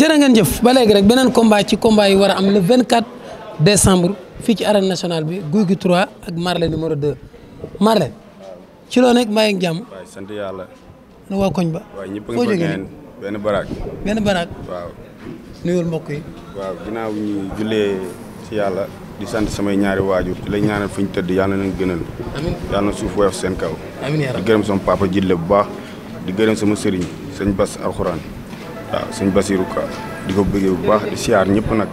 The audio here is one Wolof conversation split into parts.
jërë ngeen jëf ba léegi rek beneen combat ci combat yi war a am le 24 décembre fii ci arène nationale bi Gouye Gui 3 ak Marley numéro 2 Marley ci loo nekk mbay jàmm. waaye sant yàlla. na waa koñ ba. waaw ñëpp a ngi bëgg benn baraak. benn baraak. waaw. mbokk yi. waaw ginnaaw ñu jullee ci yàlla. di sant samay ñaari waajur di lay ñaanal fu ñu tëdd yàlla na gënal. amiin yàlla na suuf woyof seen kaw. amiin di gërëm sama papa Jille bu baax di gërëm sama sëriñ sëñ Bass alxuraan. waaw suñ Basiirou Ka di ko bëggee bu baax di siyaar ñëpp nag.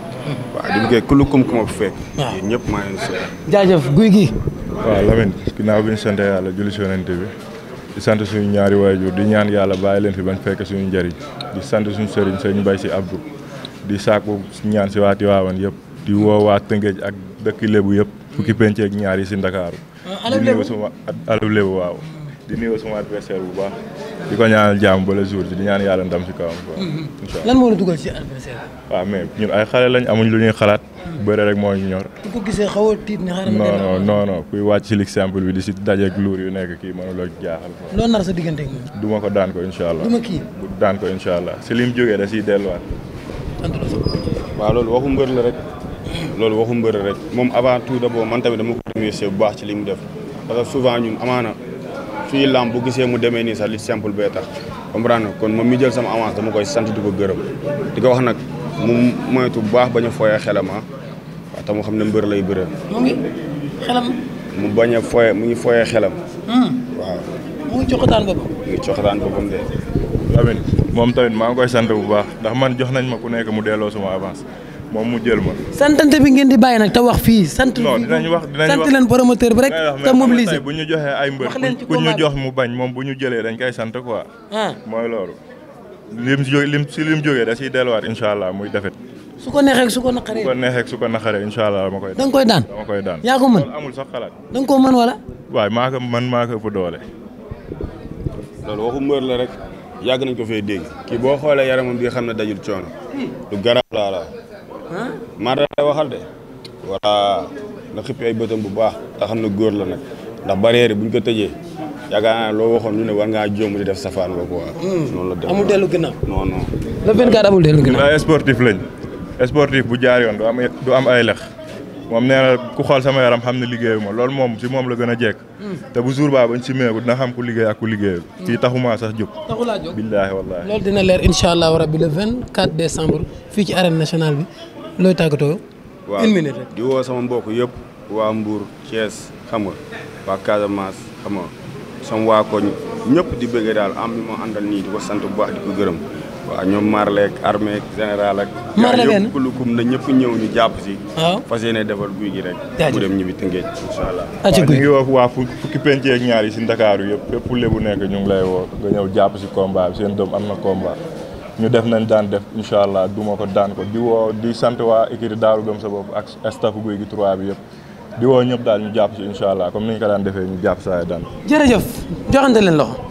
waaw di bëggee kullu kum kuma fekk. waaw yéen ñëpp maa ngi siyaar. jaajëf guy gi. waaw Lamine ginnaaw bi ñu sant yàlla julli si yonent bi di sant suñu ñaari waajur di ñaan yàlla bàyyi leen fi bañ fekk suñu njëriñ sant suñu sëriñ sëñ Bay si Abdou di sàkku ñaan si waa Tiwaawan yëpp di woo waa ak dëkk Lébu yëpp fukki penceeg ñaar yi si Ndakaaru. di nuyu waaw. di nuyoo sama adversaire bu baax di ko ñaanal jàmm ba le jour di ñaan yàlla ndam si kawam quoi. Mhm. incha allah lan moo la dugal si adversaire waaw mais ñun ay xale lañ amuñ lu ñuy xalaat. Mhm. bëre rek moo ñu ñor. xaw a tiit ne xaaral ma non non non kuy bi di si dajeeg luur yu nekk kii mënu la jaaxal quoi. loo nar sa diggante ak moom. du ma ko daan ko incha allah. du ma kii daan ko incha allah si lim jógee da siy waaw loolu waxu mbër rek. loolu waxu mbër rek moom avant tout d'abord man tamit dama ko remercier bu baax ci li mu def souvent ñun amaana fii làmb bu gisee mu demee nii sax li simple bee tax comprendre kon moom mi jël sama avance dama koy sant di ko gërëm di ko wax nag mu moytu bu baax bañ a fooyee xelam ah waaw te mu xam lay bëre. mu ngi xelam. mu mu ngi fooyee xelam. Hmm. waaw. mu boppam. mu ngi coxataan boppam de. Lamine moom tamit maa ngi koy sant bu baax ndax man jox nañ ma ku nekk mu delloo suma avance. moom mu jël ma. santante bi ngeen di bàyyi nag ta wax fii sant. non dinañ wax dinañ wax leen promoteur bi rek. te mobiliser bu ñu joxee ay mbër ku ñu jox mu bañ moom bu ñu jëlee dañ koy sant quoi. Ah. mooy loolu. lim si lim si lim jógee da ciy delluwaat incha allah muy defet su ko neexee su ko naqaree su ko neexee su ko naqaree incha allah dama koy. da koy daan dama koy daan yaa ko mën amul sax xalaat. da ko koo mën wala. waaye maa man maa ko ëpp doole. loolu waxu mbër la rek. yàgg nañ ko fee dégg kii boo xoolee yaramam bi nga xam ne dajul coono du garaaw laa la maata lay waxal de waa na xippi ay bëtam bu baax te xam ne góor la nag ndax barrière buñ ko tëjee yaakaar naa loo waxoon lu ne war ngaa jóom di def safaan boobu waaw hmm. noonu la def amul dellu ginnaaw non non le 24 amul sportif lañ sportif bu jaar yoon du am ay lex moom nee na ku xool sama yaram xam ne liggéeyu ma loolu moom si moom la gën a jekk hmm. te bu jour baa bañ si meeku dina xam ku liggéey ak ku liggéeyul kii hmm. taxumaa sax jóg taxulaa jóg billaahi wallaahi loolu dina leer incha allahu rabbi le 24 décembre fii ci arène nationale bi looy tàggatoo waaw une minute di woo sama mbokk yëpp waa Mbour Thiès xam nga waa Casamance xama nga waa koñ ñëpp di bëggee daal am bi ma àndal nii di ko sant bu baax di ko gërëm waaw ñoom Marley ak armée ak général ak. Marley benn kulukum na ñëpp ñëw ñu jàpp si. waaw fas yéene defal guy gi rek. jaajëf mu dem ñibbi Tëngéej incha allah. waa fukki penc ak Ndakaaru yëpp fépp lébu nekk ñu ngi lay woo nga ñëw jàpp si combat bi seen doom am na combat. ñu def nañ daan def incha allah duma ko daan ko di woo di sant waa équipe Daaru Gëm sa bopp ak staff guy gi 3 bi yëpp. di woo ñëpp daal ñu jàpp si incha allah comme ni ñu ko daan defee ñu jàpp saa daan. jërëjëf joxante leen loxo.